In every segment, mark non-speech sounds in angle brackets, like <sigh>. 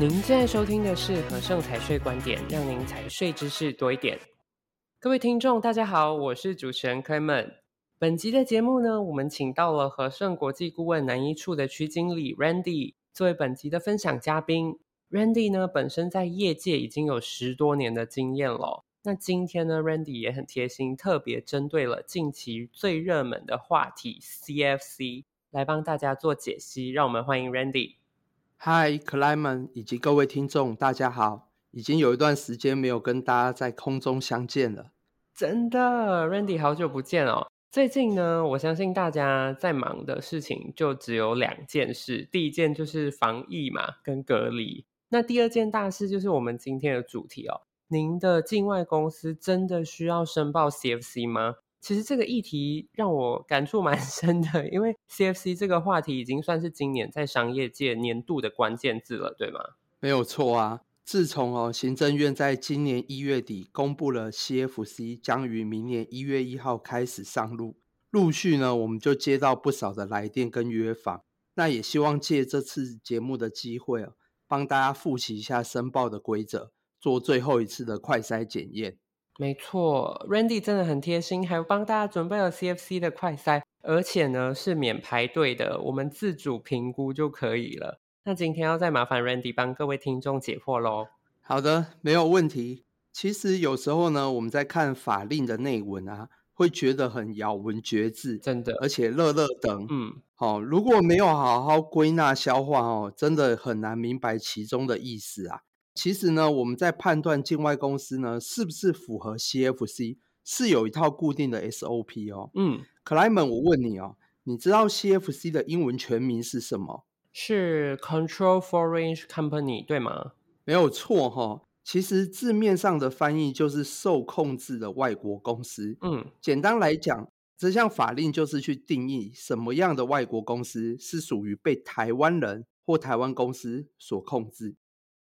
您現在收聽的是荷盛財稅觀點，讓您財稅知識多一點。各位聽眾，大家好，我是主持人 Clement。本集的節目呢，我們請到了荷盛國際顧問南一處的區經理 Randy，作為本集的分享嘉賓。Randy 呢，本身在業界已經有十多年的經驗了。那今天呢，Randy 也很貼心，特別針對了近期最熱門的話題 CFC，來幫大家做解析。讓我們歡迎 Randy。Hi，克萊 n 以及各位聽眾，大家好！已經有一段時間沒有跟大家在空中相見了。真的，Randy，好久不見哦。最近呢，我相信大家在忙的事情就只有兩件事。第一件就是防疫嘛，跟隔離。那第二件大事就是我們今天的主題哦。您的境外公司真的需要申報 CFC 嗎？其實這個議題讓我感觸蠻深的，因為 CFC 這個話題已經算是今年在商業界年度的關鍵字了，對嗎？沒有錯啊，自從哦行政院在今年一月底公布了 CFC 將於明年一月一號開始上路，陸續呢我們就接到不少的來電跟約訪，那也希望借這次節目的機會，啊，幫大家複習一下申報的規則，做最後一次的快篩檢驗。沒錯，Randy 真的很貼心，還幫大家準備了 CFC 的快篩，而且呢是免排隊的，我們自主評估就可以了。那今天要再麻煩 Randy 幫各位聽眾解惑嘍。好的，沒有問題。其實有時候呢，我們在看法令的內文啊，會覺得很咬文嚼字，真的，而且樂樂等，嗯，好、哦，如果沒有好好歸納消化哦，真的很難明白其中的意思啊。其實呢，我們在判斷境外公司呢是不是符合 CFC，是有一套固定的 SOP 哦。嗯，克萊門，我問你哦，你知道 CFC 的英文全名是什麼？是 Control Foreign Company，對嗎？沒有錯哈、哦。其實字面上的翻譯就是受控制的外國公司。嗯，簡單來講，這項法令就是去定義什麼樣的外國公司是屬於被台灣人或台灣公司所控制。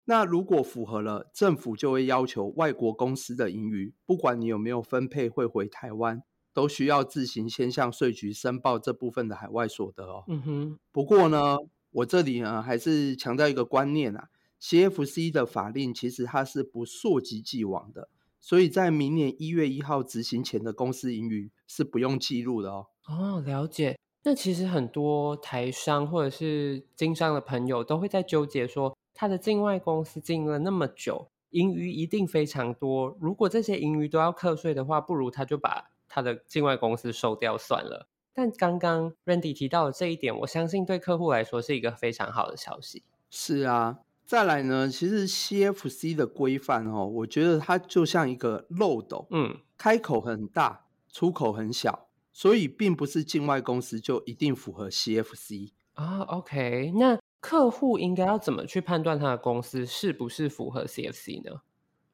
那如果符合了，政府就會要求外國公司的盈餘，不管你有沒有分配，會回台灣，都需要自行先向稅局申報這部分的海外所得哦。嗯哼。不過呢，我這裡呢還是強調一個觀念啊，CFC 的法令其實它是不溯及既往的，所以在明年一月一號執行前的公司盈餘是不用記錄的哦。哦，了解。那其實很多台商或者是經商的朋友都會在糾結說。他的境外公司經營了那麼久，盈餘一定非常多。如果這些盈餘都要課稅的話，不如他就把他的境外公司收掉算了。但剛剛 Randy 提到的這一點，我相信對客戶來說是一個非常好的消息。是啊，再來呢？其實 CFC 的規範哦，我覺得它就像一個漏斗，嗯，開口很大，出口很小，所以並不是境外公司就一定符合 CFC 啊。哦，OK，那。客戶應該要怎麼去判斷他的公司是不是符合 CFC 呢？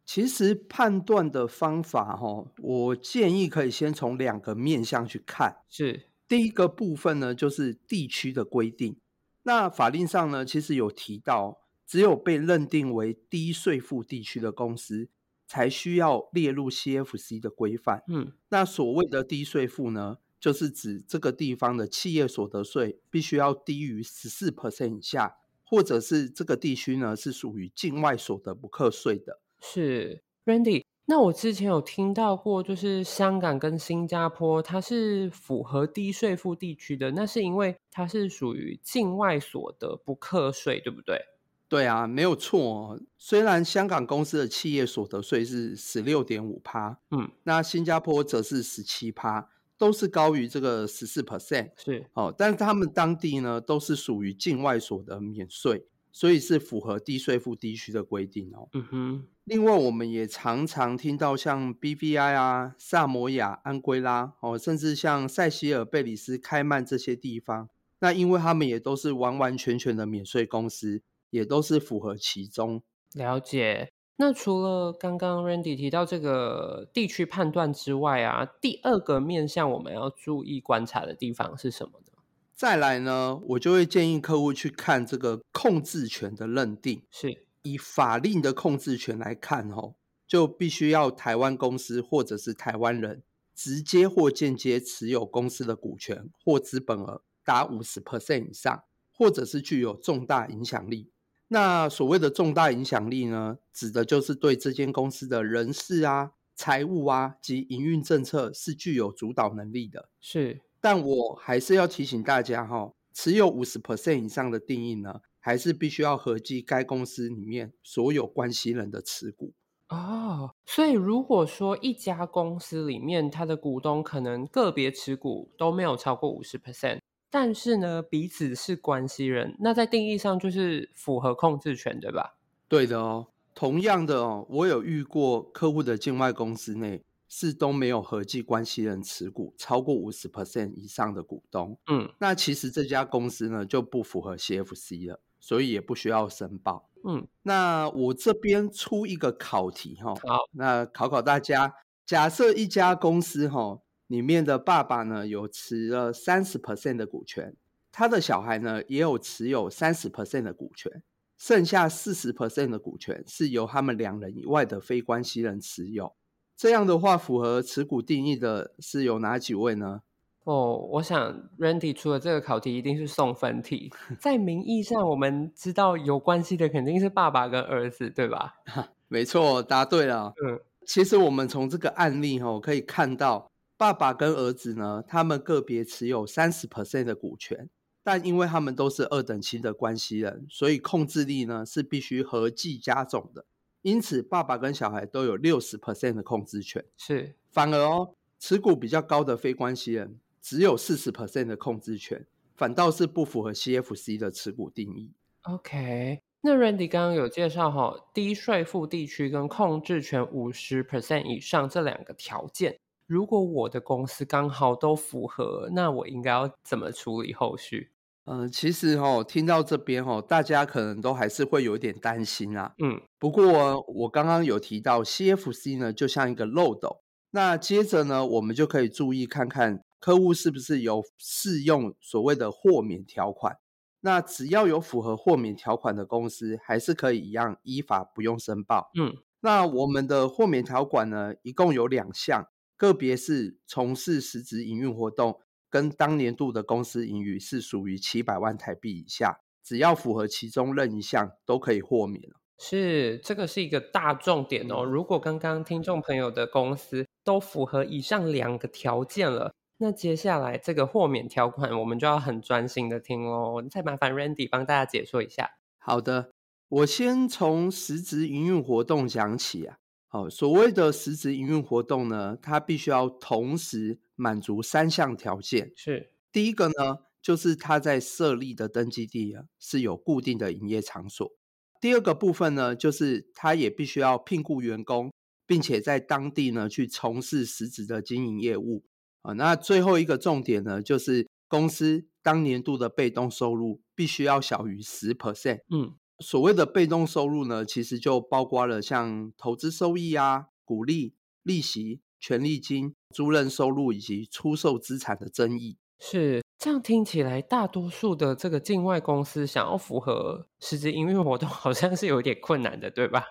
其實判斷的方法哦，哈，我建議可以先從兩個面向去看。是第一個部分呢，就是地區的規定。那法令上呢，其實有提到，只有被認定為低稅負地區的公司，才需要列入 CFC 的規範。嗯，那所謂的低稅負呢？就是指這個地方的企業所得稅必須要低於十四 percent 以下，或者是這個地區呢，是屬於境外所得不課稅的。是，Randy，那我之前有聽到過，就是香港跟新加坡它是符合低稅負地區的，那是因為它是屬於境外所得不課稅，對不對？對啊，沒有錯哦，雖然香港公司的企業所得稅是十六點五趴，嗯，那新加坡則是十七趴。都是高於這個十四 percent，是哦，但是他們當地呢都是屬於境外所得免稅，所以是符合低稅負地區的規定哦。嗯哼。另外，我們也常常聽到像 BVI 啊、薩摩亞、安圭拉哦，甚至像塞西爾、貝里斯、開曼這些地方，那因為他們也都是完完全全的免稅公司，也都是符合其中。了解。那除了剛剛 Randy 提到這個地區判斷之外啊，第二個面向我們要注意觀察的地方是什麼呢？再來呢，我就會建議客戶去看這個控制權的認定，是以法令的控制權來看，哦，就必須要台灣公司或者是台灣人直接或間接持有公司的股權或資本額達五十 percent 以上，或者是具有重大影響力。那所謂的重大影響力呢，指的就是對這間公司的人事啊、財務啊及營運政策是具有主導能力的。是，但我還是要提醒大家哈、哦，持有五十 percent 以上的定義呢，還是必須要合計該公司裡面所有關係人的持股。哦，oh, 所以如果說一家公司裡面它的股東可能個別持股都沒有超過五十 percent。但是呢，彼此是關係人，那在定義上就是符合控制權，對吧？對的哦。同樣的哦，我有遇過客戶的境外公司內是都沒有合計關係人持股超過五十 percent 以上的股東。嗯，那其實這家公司呢就不符合 CFC 了，所以也不需要申報。嗯，那我這邊出一個考題哈、哦，好，那考考大家。假設一家公司哈、哦。裡面的爸爸呢有持了三十 percent 的股權，他的小孩呢也有持有三十 percent 的股權，剩下四十 percent 的股權是由他們兩人以外的非關係人持有。這樣的話，符合持股定義的是有哪幾位呢？哦，我想 Randy 出的這個考題一定是送分題，在名義上我們知道有關係的肯定是爸爸跟兒子，對吧？哈，沒錯，答對了。嗯，其實我們從這個案例哈、哦、可以看到。爸爸跟兒子呢，他們個別持有三十 percent 的股權，但因為他們都是二等親的關係人，所以控制力呢是必須合計加總的。因此，爸爸跟小孩都有六十 percent 的控制權。是，反而哦，持股比較高的非關係人只有四十 percent 的控制權，反倒是不符合 CFC 的持股定義。OK，那 Randy 剛剛有介紹哈，低稅負地區跟控制權五十 percent 以上這兩個條件。如果我的公司剛好都符合，那我應該要怎麼處理後續？嗯、呃，其實哦，聽到這邊哦，大家可能都還是會有一點擔心啦、啊。嗯，不過我剛剛有提到 CFC 呢，就像一個漏斗。那接着呢，我們就可以注意看看客戶是不是有適用所謂的豁免條款。那只要有符合豁免條款的公司，還是可以一樣依法不用申報。嗯，那我們的豁免條款呢，一共有兩項。個別是從事實質營運活動，跟當年度的公司盈餘是屬於七百萬台幣以下，只要符合其中任一項都可以豁免了。是，這個是一個大重點哦。如果剛剛聽眾朋友的公司都符合以上兩個條件了，那接下來這個豁免條款我們就要很專心的聽囉。再麻煩 Randy 幫大家解說一下。好的，我先從實質營運活動講起啊。好，所謂的實質營運活動呢，它必須要同時滿足三項條件。是第一個呢，就是它在設立的登記地啊是有固定的營業場所。第二個部分呢，就是它也必須要聘雇員工，並且在當地呢去從事實質的經營業務。啊，那最後一個重點呢，就是公司當年度的被動收入必須要小於十 percent。嗯。所謂的被動收入呢，其實就包括了像投資收益啊、股利、利息、權利金、租賃收入以及出售資產的增益。是這樣聽起來，大多數的這個境外公司想要符合實質營運活動，好像是有點困難的，對吧？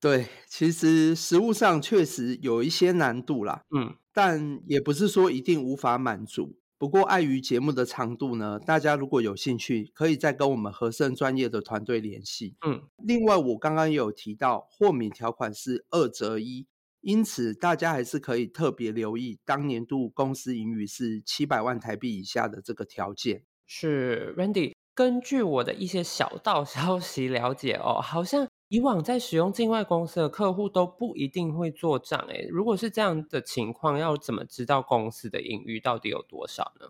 對，其實實務上確實有一些難度啦。嗯，但也不是說一定無法滿足。不過礙於節目的長度呢，大家如果有興趣，可以再跟我們荷盛專業的團隊聯繫。嗯，另外我剛剛也有提到豁免條款是二擇一，因此大家還是可以特別留意當年度公司盈餘是七百萬台幣以下的這個條件。是，Randy，根據我的一些小道消息了解哦，好像。以往在使用境外公司的客戶都不一定會做賬，欸，如果是這樣的情況，要怎麼知道公司的盈餘到底有多少呢？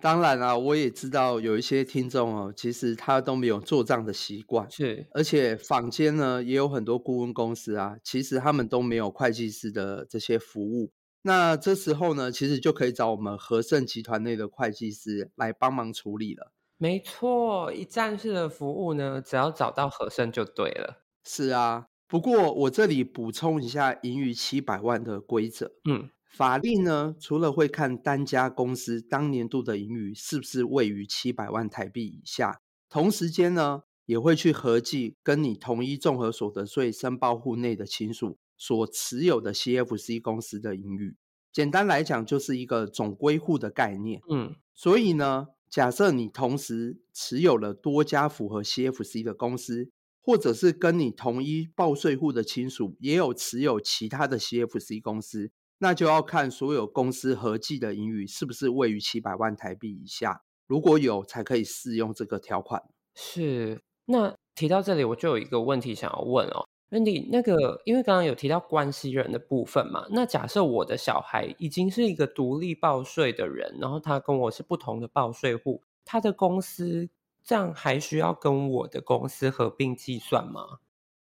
當然了啊，我也知道有一些聽眾哦，其實他都沒有做賬的習慣，是，而且坊間呢也有很多顧問公司啊，其實他們都沒有會計師的這些服務。那這時候呢，其實就可以找我們荷盛集團內的會計師來幫忙處理了。沒錯，一站式的服務呢，只要找到荷盛就對了。是啊，不過我這裡補充一下盈餘七百萬的規則。嗯，法律呢，除了會看單家公司當年度的盈餘是不是位於七百萬台幣以下，同時間呢，也會去合計跟你同一綜合所得稅申報戶內的親屬所持有的 CFC 公司的盈餘。簡單來講，就是一個總歸戶的概念。嗯，所以呢，假設你同時持有了多家符合 CFC 的公司。或者是跟你同一報稅戶的親屬也有持有其他的 CFC 公司，那就要看所有公司合計的盈餘是不是位於七百萬台幣以下，如果有才可以適用這個條款。是，那提到這裡，我就有一個問題想要問哦，Randy，那個因為剛剛有提到關係人的部分嘛，那假設我的小孩已經是一個獨立報稅的人，然後他跟我是不同的報稅戶，他的公司。這樣還需要跟我的公司合併計算嗎？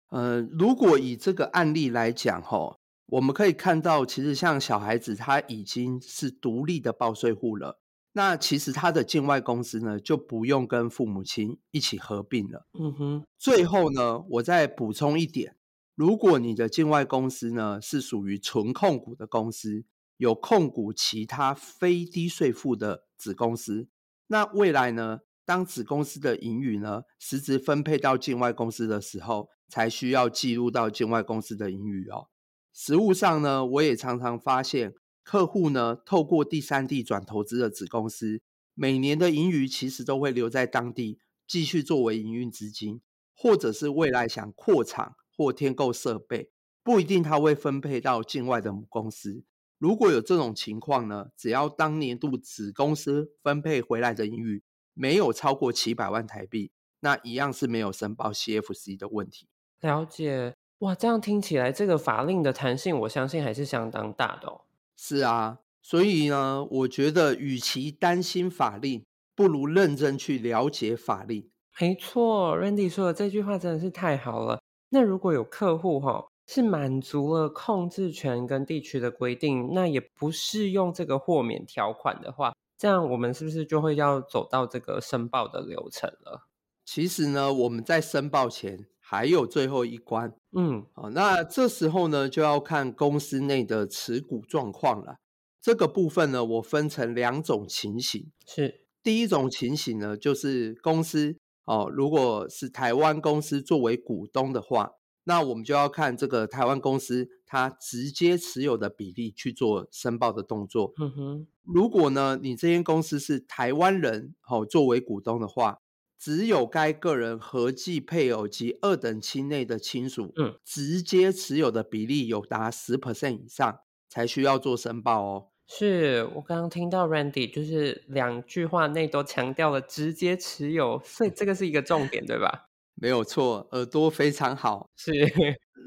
呃，如果以這個案例來講，哦，哈，我們可以看到，其實像小孩子他已經是獨立的報稅戶了，那其實他的境外公司呢就不用跟父母親一起合併了。嗯哼。最後呢，我再補充一點，如果你的境外公司呢是屬於純控股的公司，有控股其他非低稅負的子公司，那未來呢？當子公司的盈餘呢，實質分配到境外公司的時候，才需要記錄到境外公司的盈餘哦。實務上呢，我也常常發現客戶呢，透過第三地轉投資的子公司，每年的盈餘其實都會留在當地，繼續作為營運資金，或者是未來想擴廠或添購設備，不一定他會分配到境外的母公司。如果有這種情況呢，只要當年度子公司分配回來的盈餘。沒有超過七百萬台幣，那一樣是沒有申報 CFC 的問題。了解。哇，這樣聽起來這個法令的彈性，我相信還是相當大的哦。是啊，所以呢，我覺得與其擔心法令，不如認真去了解法令。沒錯，Randy 說的這句話真的是太好了。那如果有客戶哈哦，是滿足了控制權跟地區的規定，那也不適用這個豁免條款的話，這樣我們是不是就會要走到這個申報的流程了？其實呢，我們在申報前還有最後一關，嗯，好，哦，那這時候呢就要看公司內的持股狀況了。這個部分呢，我分成兩種情形，是，第一種情形呢，就是公司哦，如果是台灣公司作為股東的話。那我們就要看這個台灣公司它直接持有的比例去做申報的動作。嗯、哼，如果呢你這間公司是台灣人哦作為股東的話，只有該個人合計配偶及二等親內的親屬，嗯，直接持有的比例有達十 percent 以上，才需要做申報哦。是，我剛剛聽到 Randy 就是兩句話內都強調了直接持有，所以這個是一個重點，對吧？ <laughs> 沒有錯，耳朵非常好。是，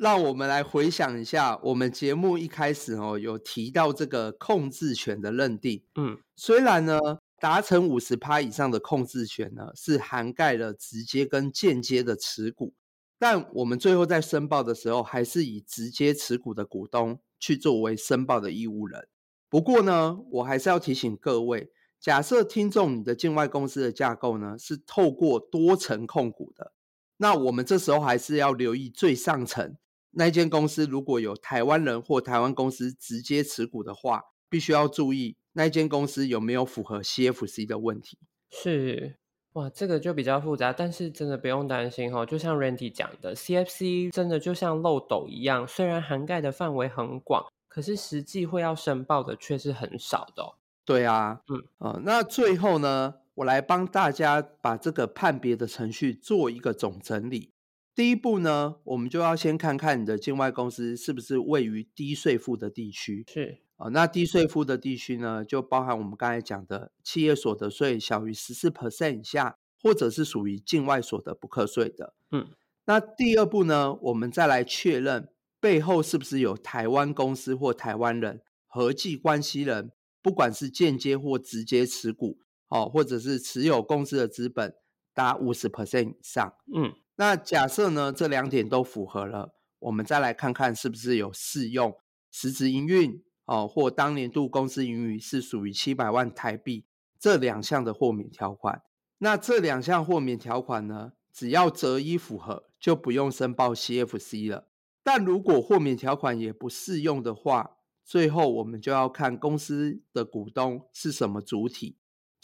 讓我們來回想一下，我們節目一開始哦，有提到這個控制權的認定。嗯，雖然呢，達成五十趴以上的控制權呢，是涵蓋了直接跟間接的持股，但我們最後在申報的時候，還是以直接持股的股東去作為申報的義務人。不過呢，我還是要提醒各位，假設聽眾你的境外公司的架構呢，是透過多層控股的。那我們這時候還是要留意最上層那間公司，如果有台灣人或台灣公司直接持股的話，必須要注意那間公司有沒有符合 CFC 的問題。是哇，這個就比較複雜，但是真的不用擔心哈、哦。就像 Randy 講的，CFC 真的就像漏斗一樣，雖然涵蓋的範圍很廣，可是實際會要申報的卻是很少的、哦。對啊，嗯啊、呃，那最後呢？我來幫大家把這個判別的程序做一個總整理。第一步呢，我們就要先看看你的境外公司是不是位於低稅負的地區。是啊、哦，那低稅負的地區呢，就包含我們剛才講的企業所得稅小於14%以下，或者是屬於境外所得不課稅的。嗯，那第二步呢，我們再來確認背後是不是有台灣公司或台灣人合計關係人，不管是間接或直接持股。哦，或者是持有公司的資本達五十 percent 以上，嗯，那假設呢，這兩點都符合了，我們再來看看是不是有適用實質營運哦，或當年度公司盈餘是屬於七百萬台幣這兩項的豁免條款。那這兩項豁免條款呢，只要擇一符合就不用申報 CFC 了。但如果豁免條款也不適用的話，最後我們就要看公司的股東是什麼主體。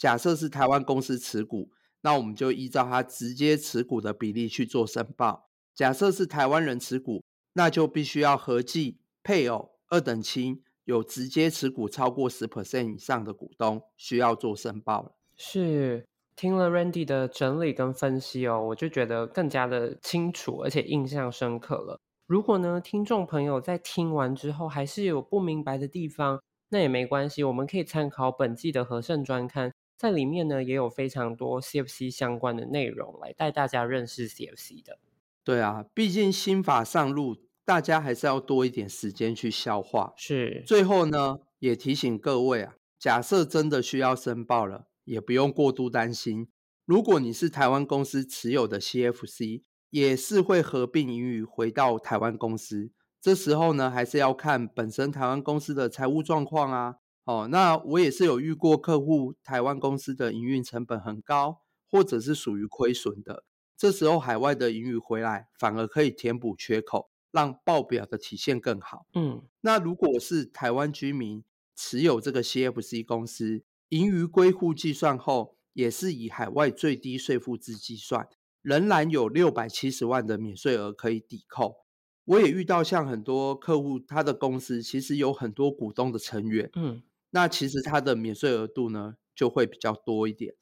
假設是台灣公司持股，那我們就依照他直接持股的比例去做申報。假設是台灣人持股，那就必須要合計配偶、二等親有直接持股超過十 percent 以上的股東，需要做申報。是，聽了 Randy 的整理跟分析哦，我就覺得更加的清楚，而且印象深刻了。如果呢，聽眾朋友在聽完之後還是有不明白的地方，那也沒關係，我們可以參考本季的荷盛專刊。在裡面呢，也有非常多 CFC 相關的內容，來帶大家認識 CFC 的。對啊，畢竟新法上路，大家還是要多一點時間去消化。是。最後呢，也提醒各位啊，假設真的需要申報了，也不用過度擔心。如果你是台灣公司持有的 CFC，也是會合併盈餘，回到台灣公司。這時候呢，還是要看本身台灣公司的財務狀況啊。哦，那我也是有遇過客戶，台灣公司的營運成本很高，或者是屬於虧損的，這時候海外的盈餘回來，反而可以填補缺口，讓報表的體現更好。嗯，那如果是台灣居民持有這個 CFC 公司盈餘歸戶計算後，也是以海外最低稅負制計算，仍然有六百七十萬的免稅額可以抵扣。我也遇到像很多客戶，他的公司其實有很多股東的成員，嗯。那其實它的免稅額度呢，就會比較多一點，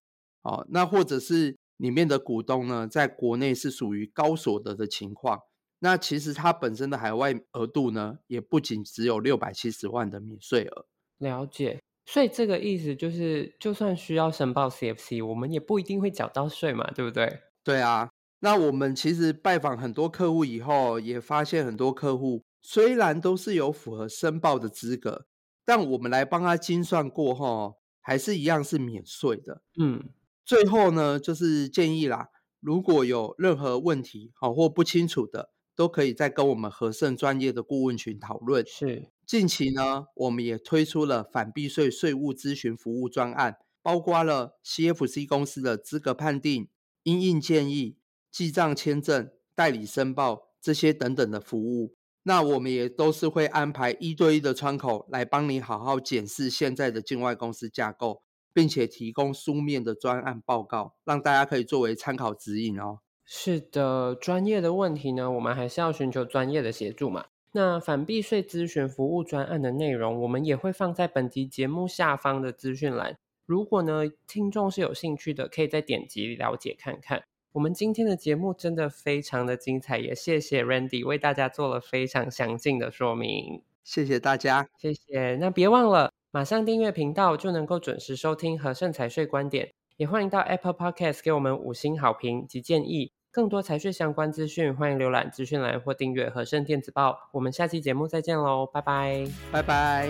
哦，那或者是裡面的股東呢，在國內是屬於高所得的情況，那其實它本身的海外額度呢，也不僅只有六百七十萬的免稅額。了解，所以這個意思就是，就算需要申報 CFC，我們也不一定會繳到稅嘛，對不對？對啊，那我們其實拜訪很多客戶以後，也發現很多客戶雖然都是有符合申報的資格。但我們來幫他精算過後還是一樣是免稅的。嗯，最後呢，就是建議啦，如果有任何問題好或不清楚的，都可以再跟我們荷盛專業的顧問群討論。是，近期呢，我們也推出了反避稅稅務諮詢服務專案，包括了 CFC 公司的資格判定、因應建議、記賬、簽證、代理申報這些等等的服務。那我們也都是會安排一對一的窗口來幫你好好檢視現在的境外公司架構，並且提供書面的專案報告，讓大家可以作為參考指引哦。是的，專業的問題呢，我們還是要尋求專業的協助嘛。那反避稅諮詢服務專案的內容，我們也會放在本集節目下方的資訊欄。如果呢，聽眾是有興趣的，可以再點擊了解看看。我們今天的節目真的非常的精彩，也謝謝 Randy 為大家做了非常詳盡的說明。謝謝大家，謝謝。那別忘了馬上訂閱頻道，就能夠準時收聽荷盛財稅觀點。也歡迎到 Apple Podcast 給我們五星好評及建議。更多財稅相關資訊，歡迎瀏覽資訊欄或訂閱荷盛電子報。我們下期節目再見嘍，拜拜，拜拜。